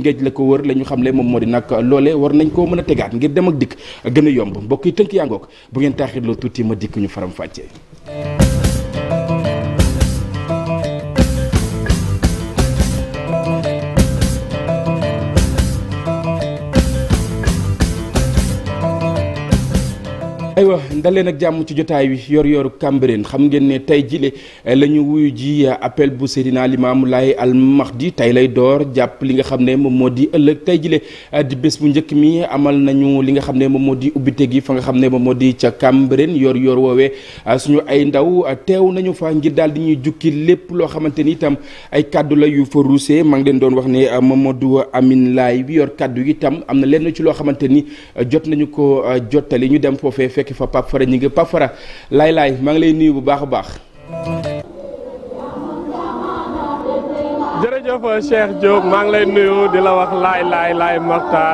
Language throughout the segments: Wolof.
ngéej la ko wër la ñu xamle moom moo di nag loole war nañ koo mën a tegaat ngir dem ak dikk gën a yomb mbokk yi tënk yaa ngoog bu ngeen taaxirloo tuuti ma dikk ñu aywa daleen ak jàmm ci jotaay wi yor-yoru Cambérène xam ngeen ne tey jile eh, la ñu wuyu ji eh, appel bu Seydina Limaamu Laay al Mahdi tey lay door jàpp li nga xam ne moom moo di ëllëg tey jile eh, di bés bu njëkk mi amal nañu li nga xam ne moom moo di ubbite gi fa nga xam ne moom moo di ca Cambérène yor-yor woowee suñu ay ndaw teew nañu fa ngir daal di ñuy jukki lépp loo xamante ni itam ay kaddu la yu fa ruusee maa ngi leen doon wax ne Mamadou Amine Laay bi yor kaddu yi itam am na lenn ci loo xamante ni jot nañu ko jottali fekk fa Pape Fara ñi ngi Pape Fara laay laay maa ngi lay nuyu bu baax a baax. maa ngi lay nuyu di la wax laay laay laay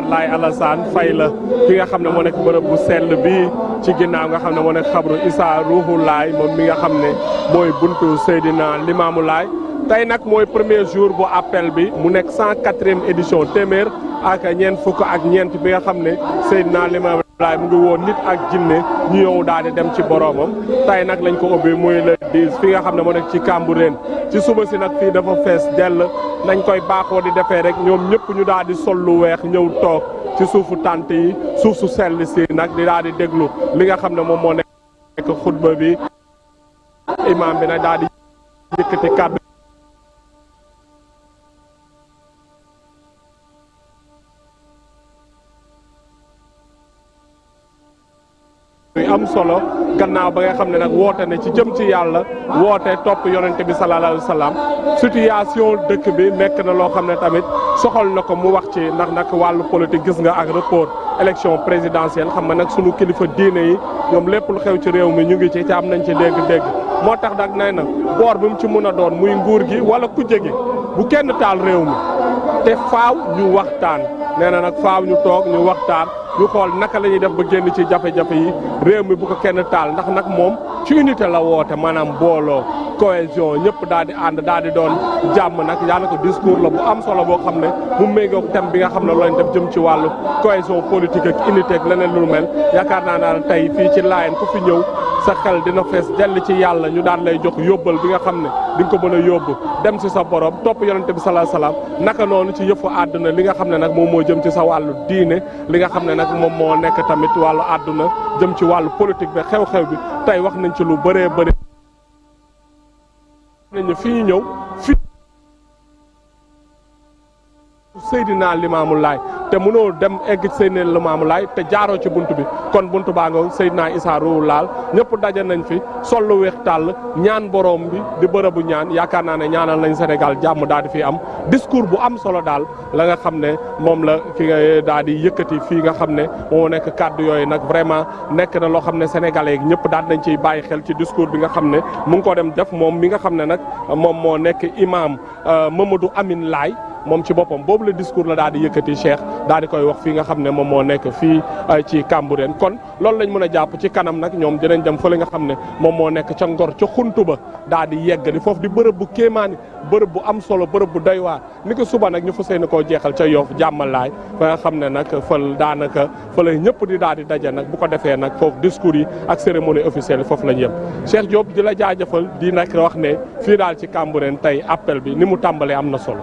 laay Alassane fay la ki nga xam ne moo nekk bërëb bu sell bi ci ginnaaw nga xam ne moo nekk xabru Isa Ruuhu moom mi nga xam ne mooy buntu naa Limaamu Laay tey nag mooy premier jour bu appel bi mu nekk cent quatrième édition téeméer ak ñeent fukk ak ñeent bi nga xam ne Seydina Limaamu Abdoulaye mu ngi woon nit ak jinne ñu yow daal di dem ci boroomam tey nag lañ ko ubbi muy le 10 fi nga xam ne moo nekk ci Cambérène ci suba si nag fii dafa fees dell nañ koy baaxoo di defee rek ñoom ñëpp ñu daal di sol lu weex ñëw toog ci suufu tànt yi suuf su sell si nag di daal di déglu li nga xam ne moom moo nekk xutba bi imaam bi nag daal di yëkkati kàddu solo gannaaw ba nga xam ne nag woote ne ci jëm ci yàlla woote topp yonente bi sallallahu alayhi wa sallam situation dëkk bi nekk na loo xam ne tamit soxal na ko mu wax ci ndax nag wàllu politique gis nga ak rapport élection présidentielle xam nag suñu kilifa diine yi ñoom lépp lu xew ci réew mi ñu ngi ci ci am nañ ci dégg-dégg moo tax nag nee na boor bi mu ci mun a doon muy nguur gi wala ku jege bu kenn taal réew mi te faaw ñu waxtaan nee na nag faaw ñu toog ñu waxtaan. ñu xool naka la ñuy def ba génn ci jafe-jafe yi réew mi bu ko kenn taal ndax nag moom ci unité la woote maanaam booloo cohésion ñëpp daal di ànd daal di doon jàmm nag daanaka discours la bu am solo boo xam ne mu méngoog thème bi nga xam ne loolu lañ def jëm ci wàllu cohésion politique ak unité ak leneen lu mel yaakaar naa daal tey fii ci Laayeen ku fi ñëw. sa xel dina fees dell ci yàlla ñu daan lay jox yóbbal bi nga xam ne di nga ko mën a yóbbu dem si sa borom topp yonente bi salaa salaam naka noonu ci yëfu àdduna li nga xam ne nag moom moo jëm ci sa wàllu diine li nga xam ne nag moom moo nekk tamit wàllu àdduna jëm ci wàllu politique bi xew-xew bi tey wax nañ ci lu bëree bëri nañu fi ñu ñëw Seydina Limaamu Laay te mënoo dem egg ci Seydina Limaamu Laay te jaaroo ci bunt bi kon bunt baa nga Seydina Isaa ruuhu laal ñëpp daja nañ fi sol lu weex tàll ñaan borom bi di bërëbu ñaan yaakaar naa ne ñaanal nañ Sénégal jàmm daal di fi am discours bu am solo daal la nga xam ne moom la ki nga daal di yëkkati fii nga xam ne moo nekk kàddu yooyu nag vraiment nekk na loo xam ne sénégalais yi ñëpp daal nañ ciy bàyyi xel ci discours bi nga xam ne mu ngi ko dem def moom mi nga xam ne nag moom moo nekk imaam euh, Mamadou Amin Laay moom ci boppam boobu la discours la daal di yëkkati Cheikh daal di koy wax fii nga xam ne moom moo nekk fii euh, ci Cambérène kon loolu lañ mën a jàpp ci kanam nag ñoom dinañ dem fële nga xam ne moom moo nekk ca Ngor ca xuntu ba daal di yegg di foofu di bërëb bu kéemaani bërëb bu am solo bërëb bu doy waar ni ko suba nag ñu fa seen koo jeexal ca Yoff jàmmalaay fa nga xam ne nag fël daanaka fële ñëpp di daal di daje nag bu ko defee nag foofu discours yi ak cérémonie officielle foofu lañ yem Cheikh Diop di jaajëfal di nag wax ne fii daal ci Cambérène tey appel bi ni mu tàmbalee am na solo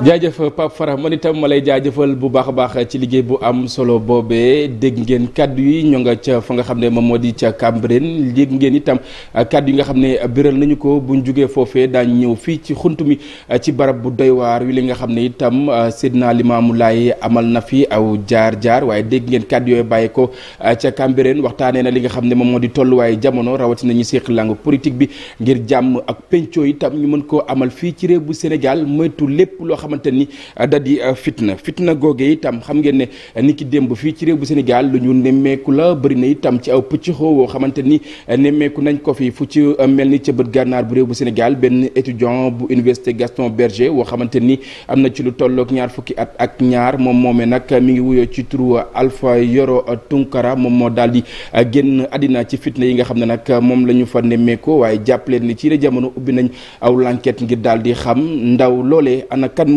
jaajëf Pape Fara man itam ma lay jaajëfal bu baax a baax ci liggéey bu am solo boobee dégg ngeen yi ñu nga ca fa nga xam ne moom moo di ca Cambérène dégg ngeen itam ah, kaddu yi nga xam ne biral nañu ko buñ jugee foofee daañ ñëw fii ci xunt mi ah, ci barab bu doy wi li nga xam ne itam ah, Seydina Limaamu Laay amal na fi aw jaar jaar waaye dégg ngeen kadd yooyu bàyyi ko ca Cambérène waxtaanee na li nga xam ne moom moo di tolluwaayu jamono rawatina ñu seq langue bi ngir jàmm ak penco itam ñu mën koo amal fii ci réew bu Sénégal moytu lépp loo xam xamante ni euh, da di euh, fitna fitna googe itam xam ngeen ne euh, ni ki démb fii ci réew bu Sénégal lu ñu nemmeeku la bëri na itam ci aw pëccxoo woo xamante ni nemmeeku nañ ko fii fu ci mel ni ca bët gànnaar bu réew bu Sénégal benn étudiant bu université Gaston Berger woo xamante ni am na ci lu tollook ñaar fukki at ak ñaar moom moomee nag mi ngi wuyoo ci turu Alpha Yoro Tunkara moom moo daal di génn àddina ci fitna yi nga xam ne nag moom la ñu fa nemmeekoo waaye jàpp leen ni ci jamono ubbi nañ aw l'enquête ngir daal di xam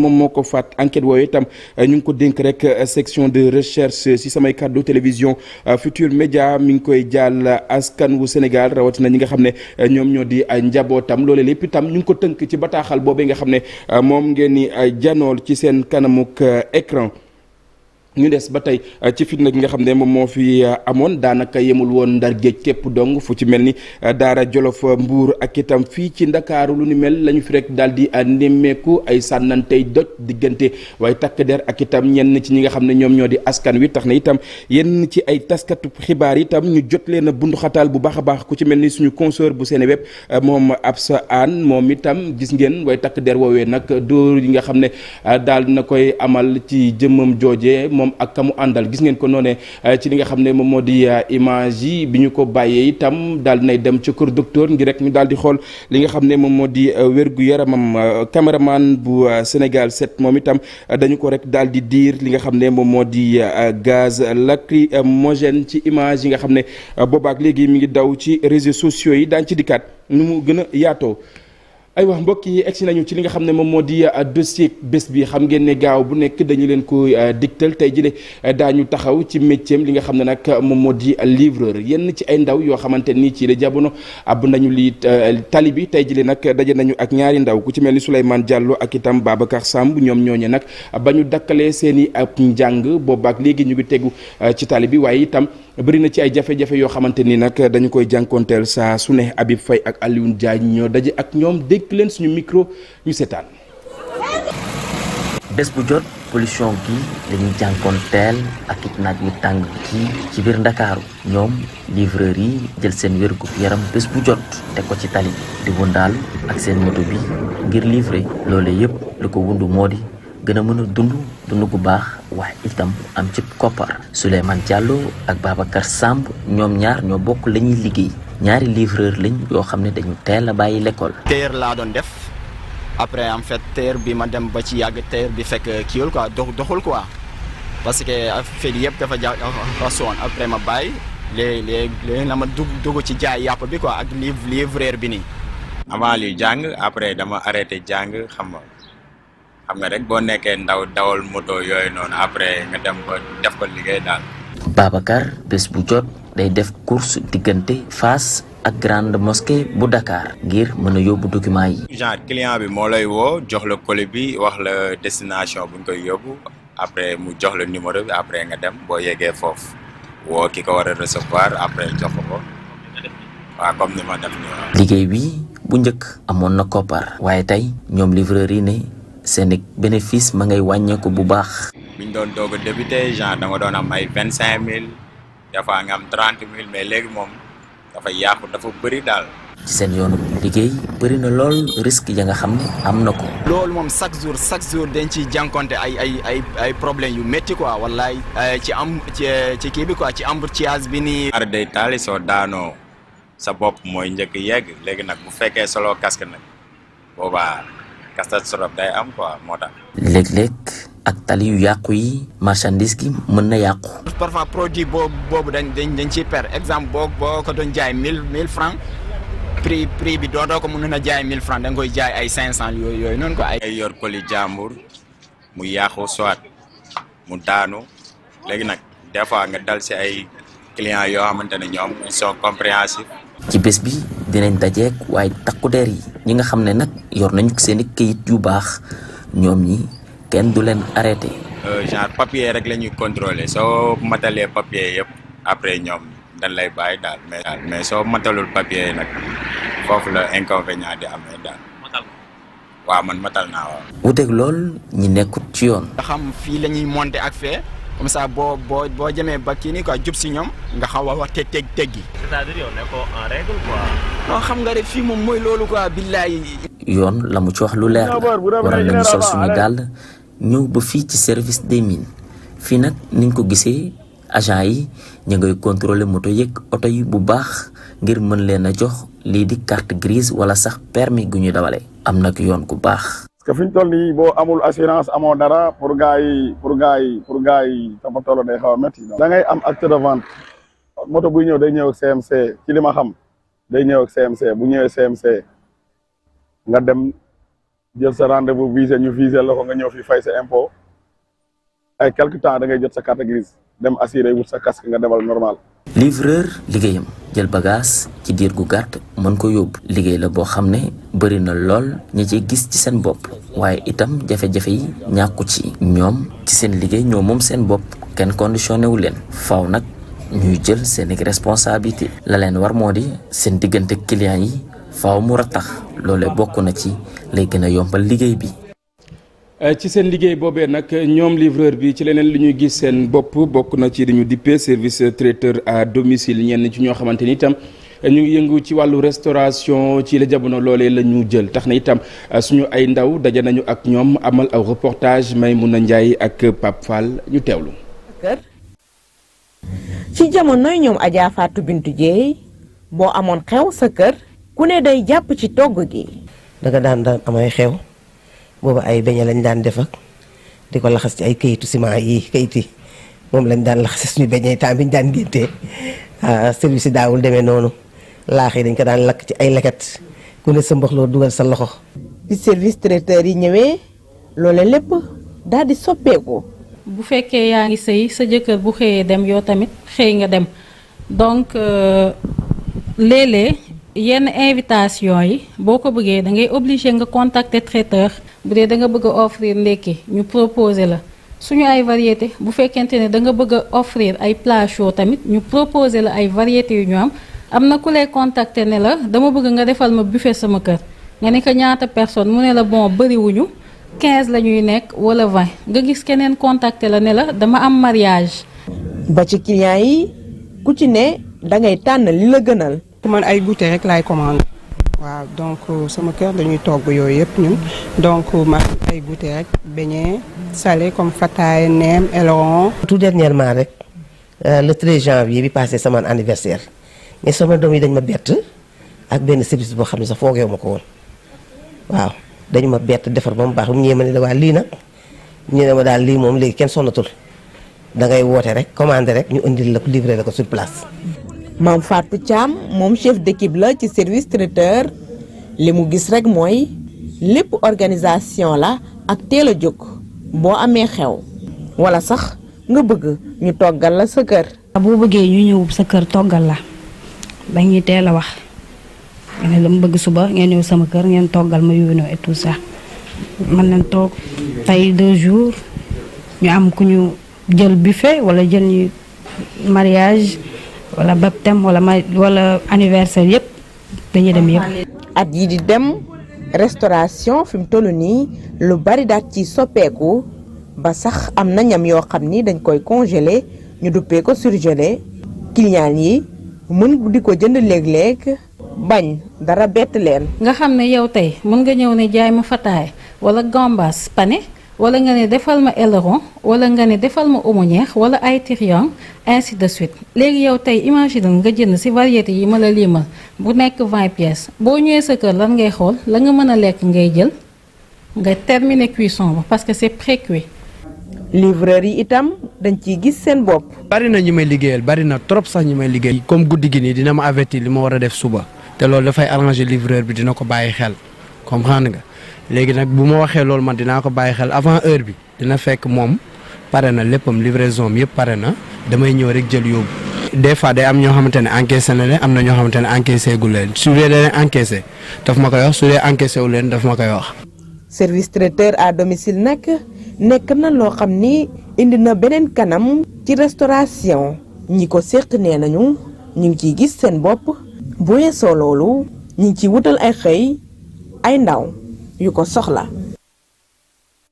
moom moo ko faat enquête woowu itam euh, ñu ngi ko dénk rek euh, section de recherche si samay kàddu télévision euh, Futur Média mi ngi koy jàll askan wu Sénégal rawatina ñi nga xam ne ñoom ñoo di njabootam loole lépp itam ñu ngi ko tënk ci bataaxal boobee nga xam ne moom ngeen ni janool ci seen kanamuk écran ñu des ba tey euh, ci fitna ki nga xam ne moom moo fi euh, amoon daanaka yemul woon ndar géej képp dong fu ci mel ni euh, daara jolof mbuur ak itam fii ci ndakaaru lu ni mel la ñu fi rekk daal di nemmeeku ay sànnantey doj diggante waaye takk der ak itam ñenn ci ñi nga xam ne ñoom ñoo di askan wi tax na itam yenn ci ay taskatu xibaar itam ñu jot leen a bunduxataal bu baax a baax ku ci mel ni suñu consoeur bu Seneweb moom ab sa Anne moom itam gis ngeen waaye takk der woowee nag dóor yi nga xam ne daal na koy amal ci jëmmam jooje moom ak kamu àndal gis ngeen ko noonee eh, ci li nga xam ne moom moo di eh, image yi bi ñu ko bàyyee itam daal dinay dem ci kër docteur ngir rek ñu daal di xool li nga xam ne moom moo di eh, wérgu yaramam caméraman bu Sénégal 7 moom itam dañu ko rek daal di diir li nga xam ne moom moo di gaz lacrymogène ci image yi nga xam ne boobaak léegi mi ngi daw ci réseaux sociaux yi daañ ci dikkaat nu mu gën yaatoo ay wax mbokk yi egsi nañu ci li nga xam ne moom moo di euh, dossier bés bi xam ngeen ne gaaw bu nekk dañu leen ko euh, digtal tey jile euh, daañu taxaw ci métier li nga xam ne nag moom moo di livreur yenn ci ay ndaw yoo xamante nii ci la jabono ab nañu li tali bi tey jile nag daje nañu ak ñaari ndaw ku ci mel ni Souleymane Diallo ak itam Babacar Samb ñoom ñooñu nag ba ñu dakkalee seen i ab njàng boobaak léegi ñu ngi tegu ci tali bi waaye itam bëri na ci ay jafe-jafe yoo xamante ni nag dañu koy jànkonteel saa su ne abi fay ak Alioune Diagne ñoo daje ak ñoom dégg leen suñu micro ñu seetaan. bés bu jot pollution gi dañuy teel ak it naaj yu tàng gi ci biir ndakaaru ñoom livreur yi jël seen wérgu yaram bés bu jot te ko ci tali di wëndaal ak seen moto bi ngir livrer loole yëpp lu ko wundu moo di gën a mën dund dund gu baax wax itam am ci koppar Souleymane Diallo ak Babacar Samb ñoom ñaar ñoo bokk la ñuy liggéey ñaari livreur lañ yoo xam ne dañu teel a bàyyi l'école teer laa doon def après en fait teer bi ma dem ba ci yàgg teer bi fekk kiiwul quoi doxul quoi parce que affaire yëpp dafa ja rasoon après ma bàyyi léegi léegi léegi la ma dugg dugg ci jaay yàpp bi quoi ak livre bi nii. avant li jàng après dama arrêté jàng xam nga xam nga rek boo nekkee ndaw dawal moto yooyu noonu après nga dem ko def ko liggéey daal. Babacar bés bu jot day def course diggante Fass ak grande mosquée bu Dakar ngir mën a yóbbu document yi. genre client bi moo lay woo jox la colis bi wax la destination buñ koy yóbbu après mu jox la numéro bi après nga dem boo yeggee foofu woo ki ko war a recevoir après jox ko comme ni ma def nii. liggéey bi bu njëkk amoon na koppar waaye tey ñoom livreur ne. seeni bénéfice ma ngay wàññeeku bu baax. bi ñu doon doog a débuté genre da nga doon am ay vingt cinq mille des fois nga am trente mille mais léegi moom dafa yàqu dafa bëri daal. ci seen yoonu liggéey bëri na lool risque ya nga xam am na ko. loolu moom chaque jour chaque jour dañ ciy jànkonte ay ay ay ay problème yu métti quoi wallaay. Euh, ci am ci ci kii bi quoi ci embouteillage bi nii. ar day taali soo daanoo sa bopp mooy njëkk yegg léegi nag bu fekkee solo casque nag boobaa. catastrophe day am quoi moo tax. léeg-léeg ak tali yu yàqu yi marchandise gi mën na yàqu. parfois produit boobu boobu dañ dañ dañ ciy perdre exemple boo boo ko doon jaay mille mille francs prix prix bi doo doo ko mën na jaay mille francs da nga koy jaay ay cinq cent yooyu yooyu noonu ko ay yor poli jàmbur mu yàqu soit mu daanu léegi nag des fois nga dal si ay clients yoo xamante ne ñoom ils sont compréhensifs. ci bés bi dinañ dajeek waaye takku der yi ñi nga xam ne nag. yor nañ seen i kayit yu baax ñoom ñi kenn du leen arrêté. Euh, genre papier rek la ñuy contrôler soo matalee papier yëpp après ñoom dañ lay bàyyi daal mais. mais soo matalul yi nag foofu la inconvénient di amee daal. waaw man matal naa waaw. wuuteeg lool ñi nekkut ci yoon. nga fii la ñuy ak fee. comme ça boo boo boo jëmee ba kii nii quoi jub si ñoom nga xaw a wax te teg teggi. c'est-à-dire yow ne xam nga rek fii moom mooy loolu quoi billaay. yoon la mu ci wax lu leer la waral nañu sol suñu dàll ñëw ba fii ci service des mines fii nag niñ ko gisee agent yi ñu ngay contrôler moto yëg oto yi bu baax ngir mën leen a jox lii di carte grise wala sax permis gu ñu dawale am nag yoon ku baax. parce que fi ñu toll nii boo amul assurance amoo dara pour gars yi pour gars yi pour gars yi sama tool day xaw a métti. da ngay am acte de vente moto buy ñëw day ñëw ak CMC ci li ma xam day ñëw ak CMC bu ñëwee CMC nga dem jël sa rendez-vous visé ñu visé la ko nga ñëw fi fay sa impôt ay quelque temps da ngay jot sa carte grise dem assuré wut sa casque nga demal normal. livreur liggéeyam jël bagage ci diir gu gàtt mën ko yóbbu liggéey la boo xam ne bëri na lool ñi ci gis ci seen bopp waaye itam jafe-jafe yi ñàkku ci ñoom ci seen liggéey ñoo moom seen bopp kenn conditionné wu leen faaw nag ñuy jël seen i responsabilité la leen war moo di seen diggante client yi faaw mu ratax loole bokk na ci lay gën a yombal liggéey bi Euh, ci seen liggéey boobee nag ñoom livreur bi ci leneen li ñuy gis seen bopp bokk na ci li ñu dippee service traiteur à domicile ñenn ci ñoo xamante ni itam ñu ngi yëngu ci wàllu restoration ci la jamono loole lañu jël tax na itam euh, suñu ay ndaw daje nañu ak ñoom amal aw reportage na Ndiaye ak Pape ñu teewlu. ci jamonoy ñoom Adja Fatou Bintou boo amoon xew sa kër ku ne day jàpp ci togg gi. daga daan daan amay xew. boobu ay beñe lañ daan def ak di ko laxas ci ay kayitu ciment yi kayit yi moom lañ daan laxase suñu beñe temps biñ daan géntee ah, service yi daawul demee noonu laax yi dañ ko daan lakk ci ay leket ku ne sa mbox loo dugal sa loxo. bi service yi ñëwee loola lépp daal di soppeeku. bu fekkee yaa ngi sëy sa jëkkër bu xëyee dem yoo tamit xëy nga dem euh, yenn invitation yi boo ko bëggee da ngay nga contacter traiteur. bu dee da nga bëgg a offrir ndekki ñu proposer la suñu ay variété bu fekkente ne da nga bëgg a offrir ay plat chaud tamit ñu proposer la ay variété yu ñu am am na ku lay contacter ne la dama bëgg nga defal ma buffet sama kër nga ne ko ñaata personne mu ne la bon bëriwuñu 15 la ñuy nekk wala 20 nga gis keneen contacter la ne la dama am mariage. ba ci client yi ku ci ne da ngay tànn li la gënal. man ay goûter rek laay commandé. waaw donc euh, sama kër dañuy togg yooyu yëpp ñun donc euh, man ay goûté rek beignet salé comme fataay neem aileron. tout dernièrement rek euh, le 13 janvier bi passé sama anniversaire mais sama doom yi dañ ma bett ak benn service boo xam ne sax foogeewu ma ko woon waaw dañ ma bett defar ba mu baax bu ñëwee ma ne la lii nag ñu ne ma daal lii moom léegi kenn sonnatul da ngay woote rek commandé rek ñu indil la ko livré la ko sur place. maam Fatou Thiam moom chef d'équipe la ci service traiteur li mu gis rek mooy lépp organisation la ak teel a jóg boo amee xew wala sax nga bëgg ñu toggal la sa kër. boo bëggee ñu ñëw sa kër toggal la dañuy teel a wax nga ne bëgg suba ngeen ñëw sama kër ngeen toggal ma yónnee et tout ça mën nañ toog tey deux jours ñu am ku ñu jël buffet wala jël ñu mariyage wala baptême wala ma wala anniversaire yëpp dañuy dem yëpp. at yi di dem restauration fi mu toll nii lu bari daat ci soppeeku ba sax am na ñam yoo xam ni dañ koy congelé ñu duppee ko surgelé client yi mën di ko jënd léeg-léeg bañ dara bett leen. nga xam ne yow tey mën nga ñëw ne jaay ma fataay wala gambas pané. wala nga ne defal ma aileron wala nga ne defal ma aumônière wala ay tyrian ainsi de suite léegi yow tey imagine nga jënd ci variété yi ma la limal bu nekk 20 pièces boo ñëwee sa kër lan ngay xool la nga mën a lekk ngay jël nga terminer cuisson ba parce que c'est précuit. livreur yi itam dañ ciy gis seen bopp. bari na ñu may liggéeyal bari na trop sax ñu may liggéeyal. comme guddi gi dina ma avertir li ma war a def suba te loolu dafay arranger livreur bi dina ko bàyyi xel comprendre léegi nag bu ma waxee loolu man dinaa ko bàyyi xel avant heure bi dina fekk moom pare na léppam livraison bi yëpp pare na damay ñëw rek jël yóbbu. des fois day am ñoo xamante ne encaissé na leen am na ñoo xamante ne encaissé gu leen su dee leen encaissé daf ma koy wax su dee encaissé wu leen daf ma koy wax. service traiteur à domicile nag nekk na loo xam ni indi na beneen kanam ci restauration ñi ko séq nee nañu ñu ngi ciy gis seen bopp bu weesoo loolu ñu ngi ciy wutal ay xëy ay ndaw. yu ko soxla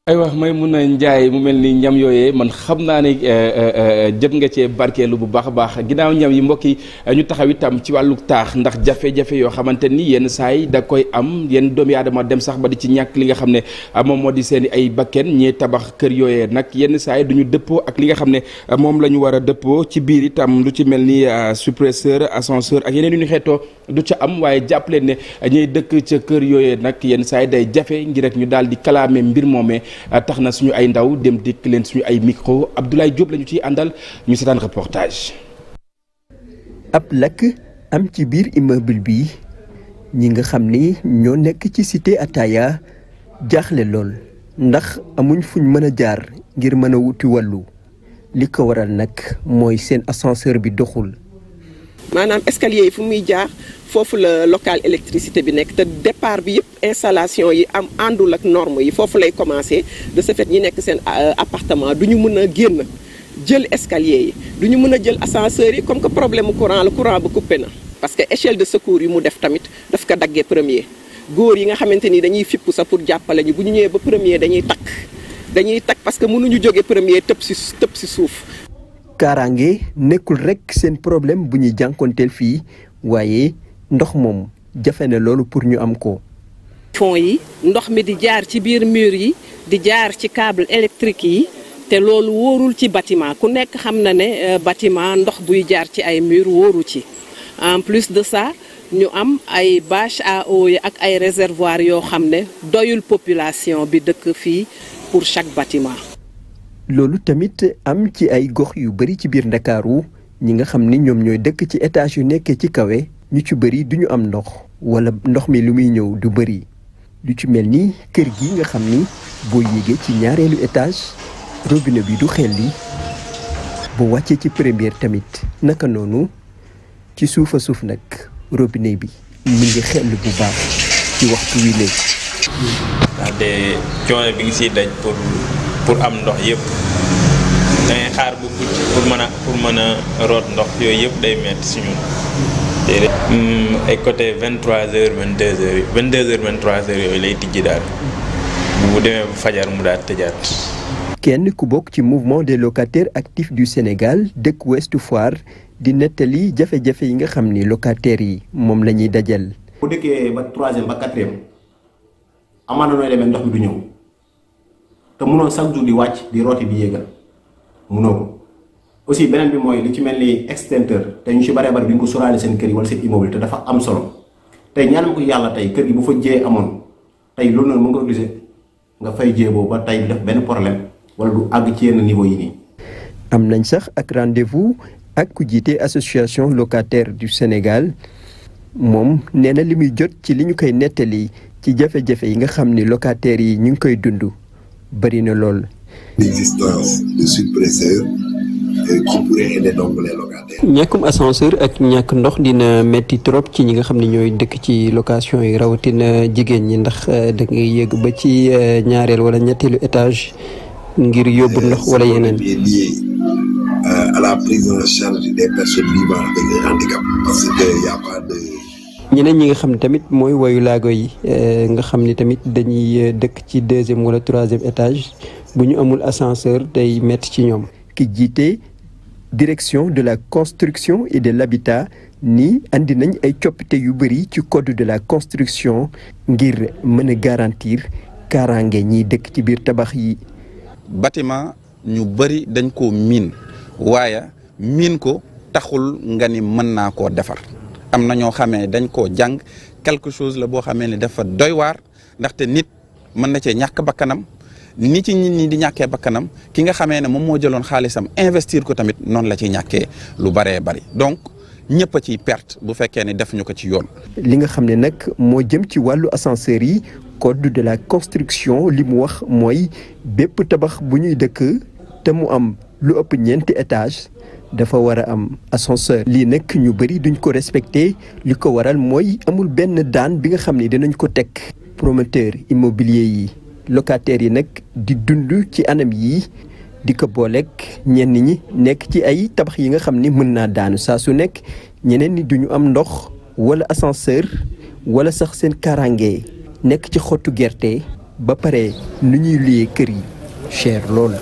ay wax may mun a njaay mu mel ni ñam yooyee man xam naa ne euh, euh, euh, jot nga cee barkeelu bu baax a baax ginnaaw ñam yi mbokk yi ñu taxaw itam ci wàllu taax ndax jafe-jafe yoo xamante ni yenn saay yi koy am yenn doomi aadama dem sax ba di ci ñàkk li nga xam ne moom moo di seen ay bakken ñee tabax kër yooyee nag yenn saa du ñu dëppoo ak li nga xam ne moom la ñu war a dëppoo ci biir itam lu ci mel ni suppresseur ascenseur ak yeneen yu ñu du ca am waaye jàpp ne ñuy dëkk ca kër yooyee nag yenn saa day jafe ngir rek ñu daal di kalaame mbir moomee Euh, tax na suñu ay ndaw dem dikk suñu ay micro Abdoulaye Diop lañu ciy àndal ñu seetaan reportage. ab lakk am ci biir immeuble bi ñi nga xam ni ñoo nekk ci cité Ataya jaaxle lool ndax amuñ fuñ mën a jaar ngir mën a wuti wàllu li ko waral nag mooy seen ascenseur bi doxul. maanaam escalier yi fu muy jaar foofu la local électricité bi nekk te départ bi yëpp installation yi am àndul ak norme yi foofu lay commencé de ce fait ñi nekk seen euh, appartement du ñu mën a génn jël escalier yi du ñu mun a jël ascenseur yi comme que problème mu courant la courant ba coupé na parce que de secours yi mu def tamit daf ko daggee premier góor yi nga xamante ni dañuy fippu sa pour jàppale ñu bu ñu ñëwee ba premier dañuy takk dañuy tak parce que mënuñu jóge premier tëb si tëb si suuf kaaraange nekkul rek seen problème bu ñuy jànkonteel fii waaye ndox moom jafe na loolu pour ñu am ko. fonds yi ndox mi di jaar ci biir mur yi di jaar ci câble électrique yi te loolu wóorul ci bâtiment ku nekk xam na ne euh, bâtiment ndox buy jaar ci ay mur wóoru ci en plus de ça ñu am ay bâche à eau yi ak ay réservoir yoo xam ne doyul population bi dëkk fii pour chaque bâtiment. loolu tamit am ci ay gox yu bari ci biir ndakaaru ñi nga xam ni ñoom ñooy dëkk ci étage yu nekkee ci kawe ñu ci bëri duñu am ndox wala ndox mi lu muy ñëw du bëri lu ci mel ni kër gi nga xam ni boo yéegee ci ñaareelu étage robine bi du xel xelli boo wàccee ci première tamit naka noonu ci suufa suuf nag robinet bi mu ngi xell bu baax ci waxtu wi léegi. pour am ndox yëpp da xaar bu guddi pour mën a pour mën a root ndox yooyu yëpp day metti si ñun hmm, ay côté 23h 22h 22h 23h yooyu lay tijji daal bu demee fajar mu daal tëjaat. kenn ku bokk ci mouvement des locataires actif du Sénégal dëkk Ouest Foire di nettali jafe-jafe yi nga xam ni locataires yi moom la ñuy dajal. bu dëkkee ba troisième ba quatrième amaana nooy demee ndox mi du ñëw. te munoo chaque jour di wàcc di rooti di yéegal munoo ko aussi beneen bi mooy li ci mel ni extincteur te ñu ci baree bi ñu ko sóoraale seen kër yi wala seen immeuble te dafa am solo tey ñaan ma ko yàlla tey kër gi bu fa jiyee amoon tey loolu noonu mën nga nga fay jiyee boobu tey def benn problème wala du àgg ci yenn niveau yi nii. am nañ sax ak rendez-vous ak ku jiite association locataire du Sénégal moom nee na li muy jot ci li ñu koy nettali ci jafe-jafe yi nga xam ni locataires yi ñu ngi koy dund. bëri na lool. l'existence de ñàkkum ascenseur ak ñàkk ndox dina metti trop ci ñi nga xam ne ñooy dëkk ci location yi rawatina jigéen ñi ndax euh, da ngay yëg ba ci euh, ñaareel wala ñetteelu étage ngir yóbbu ndox wala yeneen. Euh, à y ñeneen ñi nga xam ne tamit mooy woyu laago yi eh, nga xam ni tamit dañuy eh, dëkk ci deuxième wala troisième étage bu ñu amul ascenseur tey metti ci ñoom. ki jiite direction de la construction et de l'habitat ni andi nañ ay coppite yu bëri ci code de la construction ngir mën a garantir kaaraange ñi dëkk ci biir tabax yi. batiment ñu bëri dañ ko miin waaye miin ko taxul nga ni mën naa ko defar. am na ñoo xamee dañ koo jàng quelque chose la boo xamee ne dafa doy waar ndaxte nit mën na cee ñàkk bakkanam ni ci nit ñi di ñàkkee bakkanam ki nga xamee ne moom moo jëloon xaalisam investir ko tamit noonu la ciy ñàkkee lu baree bari donc ñëpp a ciy perte bu fekkee ne def ñu ko ci yoon. li nga xam ne nag moo jëm ci wàllu ascenseur yi code de la construction li mu wax mooy bépp tabax bu ñuy dëkk te mu am lu ëpp ñeenti étage dafa war a am ascenseur lii nag ñu bëri duñ ko respecté li ko waral mooy amul benn daan bi nga xam ni dinañ ko teg promoteur immobilier yi locataires yi nag di dund ci anam yi di ko booleek ñenn ñi nekk ci ay tabax yi nga xam ni mën naa daanu saa su nekk ñeneen ni duñu am ndox wala ascenseur wala sax seen kaaraange nekk ci xottu gerte ba pare nu ñuy luyee kër yi cher lool.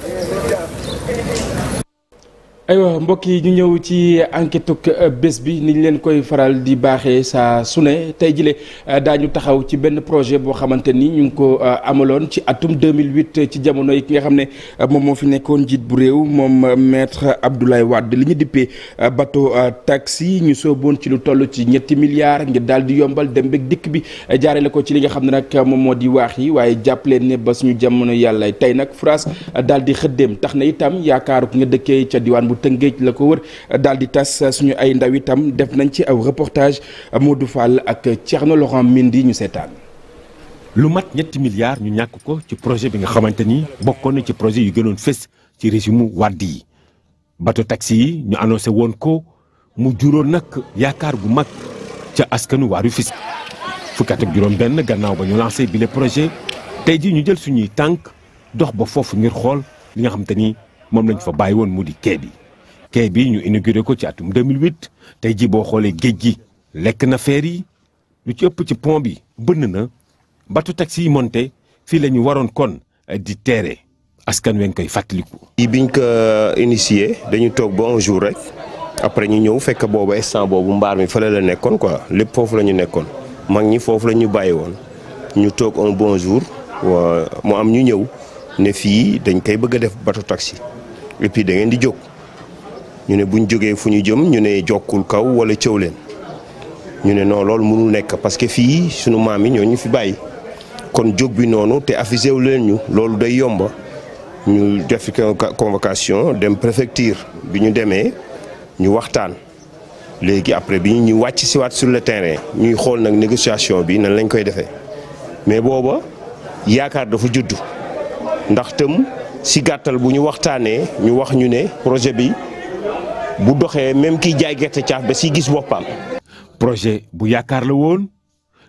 aywa mbokk yi ñu ñëw ci enquête euh, bés bi ñu leen koy faral di baaxee sa su ne tey jile euh, daañu taxaw ci benn projet boo xamante ni ñu ngi ko euh, amaloon ci atum 2008 ci jamono yi ki nga xam ne moom moo fi nekkoon njiit bu réew moom maître Abdoulaye Wade li ñu dippee bateau taxi ñu sooboon ci lu toll ci ñetti milliards ngir daal di yombal dem beeg dikk bi jaaree la ko ci li nga xam ne nag moom moo di waax yi waaye jàpp leen ne ba suñu jamono yàlla tey nag France Tëngéej la ko wër daal di tas suñu ay ndaw itam def nañ ci aw reportage du Fall ak Thierno Laurent Mendy ñu seetaan. lu mat ñetti milliards ñu ñàkk ko ci projet bi nga xamante ni bokkoon na ci projet yu gënoon fës ci régime Wade yi bato taxi yi ñu annoncé woon ko mu juróon nag yaakaar gu mag ca askanu waa Rufisque fukki at ak juróom benn gannaaw ba ñu lancé bile projet tey ji ñu jël suñuy tànk dox ba foofu ngir xool li nga xamante ni moom lañ fa bàyyi woon mu di kee bi quai bi ñu inauguré ko ci atum 2008 tey ji boo xoolee géej gi lekk na feer yi lu ci ëpp ci pont bi bënn na bateau taxi yi monte fii la ñu waroon kon eh, di teere askan wi koy fàttaliku. yi biñ ko eh, initié dañu toog ba un jour rek après ñu ñëw fekk boobu instant boobu mbaar mi fële la nekkoon quoi lépp foofu la ñu nekkoon mag ñi foofu la ñu bàyyi woon ñu toog un bon jour mu am ñu ñëw ne fii dañ koy bëgg def bateau taxi et puis di jóg. ñu ne buñ jógee fu ñu jëm ñu ne jokkul kaw wala cëw leen ñu ne non loolu mënul nekk parce que fii sunu maam yi ñoo ñu fi bàyyi kon jóg bi noonu te avisé wu leen ñu loolu day yomba ñu def convocation dem préfecture bi ñu demee ñu waxtaan léegi après bi ñu wàcc si waat sur le terrain ñuy xool nag négociation bi nan lañ koy defee mais booba yaakaar dafa juddu ndax tam si gàttal bu ñu waxtaanee ñu wax ñu ne projet bi bu doxee même kiy jaay gerte caaf ba si gis boppam. projet bu yaakaar la woon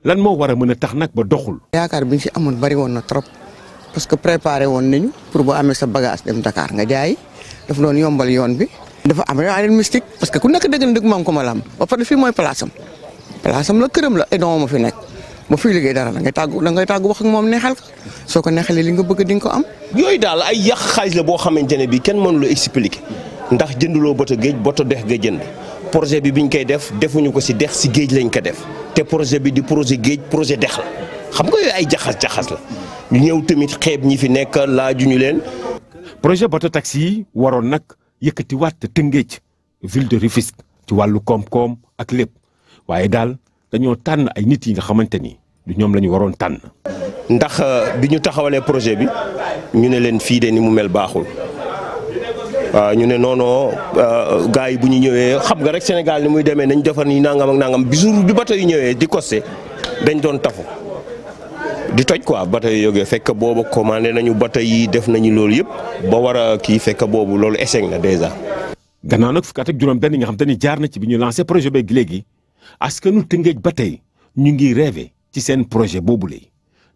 lan moo war a mën a tax nag ba doxul. yaakaar bi ñu fi amoon bari woon na trop parce que préparer woon nañu pour boo amee sa bagage dem Dakar nga jaay daf doon yombal yoon bi. dafa am yeneen mystique que ku nekk dëgg na dëgg ma mooy place am place am la këram la Edon ma fi nekk ba fi liggéey dara la ngay tàggu la ngay tàggu wax ak moom neexal ko soo ko li nga bëgg di nga ko am. daal ay yàq xaalis la boo xamante ne bii kenn mënu la ndax jënduloo boto géej bota dex nga jënd projet bi bi biñ koy def defuñu ko si dex si géej lañ ko def te projet bi di projet géej projet dex la xam nga yooyu ay jaxas-jaxas la ñu ñëw tamit xeeb ñi fi nekk laajuñu leen projet bato taxi yi waroon nag yëkkati Tëngéej ville de ci wàllu koom-koom ak lépp waaye daal dañoo tànn ay nit yi nga xamante ni du ñoom la ñu waroon tànn ndax euh, bi ñu taxawalee projet bi ñu ne leen fii de ni mu mel baaxul Euh, ñu ne non non euh, gars yi bu ñu ñëwee xam nga rek Sénégal ni muy demee nañ defar ni nangam ak nangam bi jour bi bato yi ñëwee di costé dañ doon tafu di toj quoi bato yi yogee fekk boobu commandé nañu bato yi def nañu loolu yëpp ba war a kii fekk boobu loolu échec na dèjà. gannaaw nag fukki juróom benn nga xam te ni jaar na ci bi ñu lancé projet beeg léegi askanu Tëngéej ba tey ñu ngi rêvé ci seen projet boobu boobule.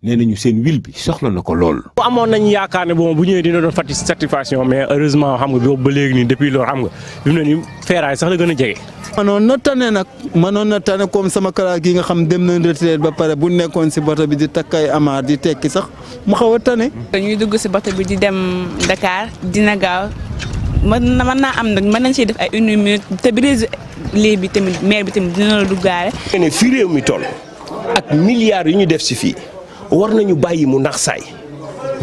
nee nañu seen wil bi soxla na ko lool. bu amoon nañu yaakaar ne bon bu ñëwee dina doon fàttali satisfaction mais heureusement xam nga boobu ba léegi nii depuis loolu xam nga fi mu ne nii feeraay sax la gën a jege. manoon na tane nag manoon na tane comme sama kalaat gi nga xam dem nañ retraite ba pare bu nekkoon si bato bi di takkay amaar di tekki sax ma xaw a tane. dañuy dugg si bato bi di dem Dakar dina gaaw mën na naa am nag mën nañ siy def ay une minute te brise lii bi tamit maire bi tamit dina la duggaale. ne fii mi toll ak milliards yu ñu def si fii. war nañu bàyyi mu nax saay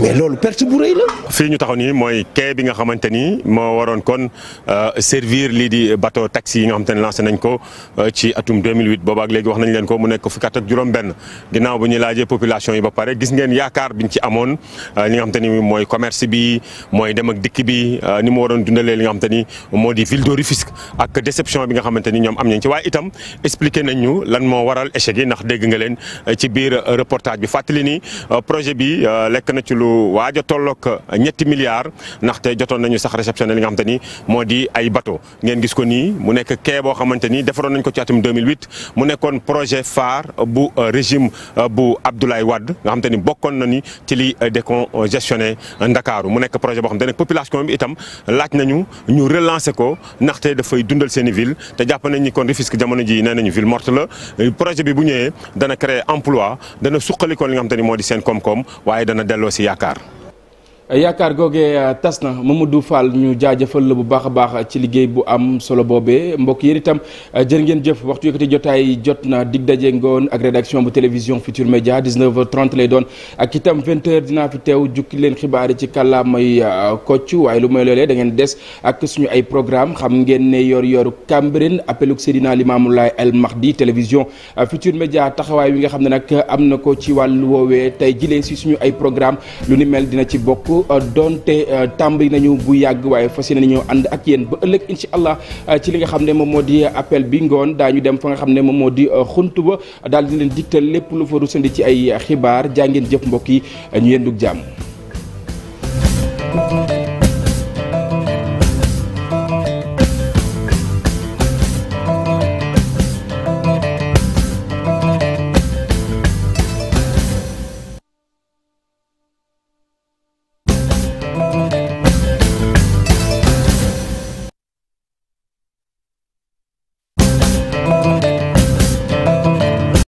mais loolu perte bu rëy la. fii ñu taxaw nii mooy quai bi nga xamante ni moo waroon kon euh, servir lii di bateau taxi yi nga xamante ne lancé nañ ko euh, ci atum 2008 boobaak léegi wax nañ leen ko mu nekk fukki at ak juróom-benn ginnaaw bu ñu laajee population yi ba pare gis ngeen yaakaar biñ ci amoon euh, li nga xamante ni mooy commerce bi mooy dem ak dikk bi ni mu waroon dundalee li nga xamante ni moo di ville de Rufisque ak déception bi nga xamante ni ñoom am nañ ci waaye itam expliqué nañ ñu lan moo waral échec yi ndax dégg nga leen ci biir reportage bi fàttali ni projet bi lekk na ci lu waaj a tolloog ñetti milliards ndaxte jotoon nañu sax réceptionné li nga xamante ni moo di ay bateau ngeen gis ko nii mu nekk quai boo xamante ni defaroon nañ ko ci atum 2008 mu nekkoon projet phare bu euh, régime euh, bu Abdoulaye Wade nga xamante ni bokkoon na ni ci li euh, décongestionné Ndakaaru mu nekk projet boo xamante ne population bi itam laaj nañu ñu relancer ko ndaxte dafay dundal seen i ville te jàpp nañ ni kon Rufisque jamono ji nee nañu ville morte la projet bi bu ñëwee dana créer emploi dana suqali ko moo di seen koom-koom yaakaar yaakaar googee euh, tas na Mamadou Fall ñu jaajëfal la bu baax a baax ci liggéey bu am solo boobee mbokk yéen itam euh, jër ngeen jëf waxtu yëkkati jotaay jot na dig daje ngoon ak rédaction bu télévision Futur Média 19h30 lay doon ak itam 20h dinaa fi teew jukki leen xibaar yi ci kàllaamay euh, kocc waaye lu may loolee da ngeen des ak suñu ay programme xam ngeen ne yor yoru Cambérène appeluk Seydina Limamou Laye El Mahdi télévision Futur Média taxawaay wi nga xam ne nag am na ko ci wàllu woowee tey jilee si suñu ay programme lu mel dina ci bokk loolu euh, donte euh, tàmbali nañu bu yàgg waaye fas yéene ñoo ànd ak yéen ba ëllëg incha allah euh, ci li nga xam ne moom moo di appel bi ngoon daañu dem fa nga xam ne moom moo di xunt ba daal di leen digtal lépp lu fa rusandi ci ay xibaar jaa ngeen jëf mbokk yi ñu dug jàmm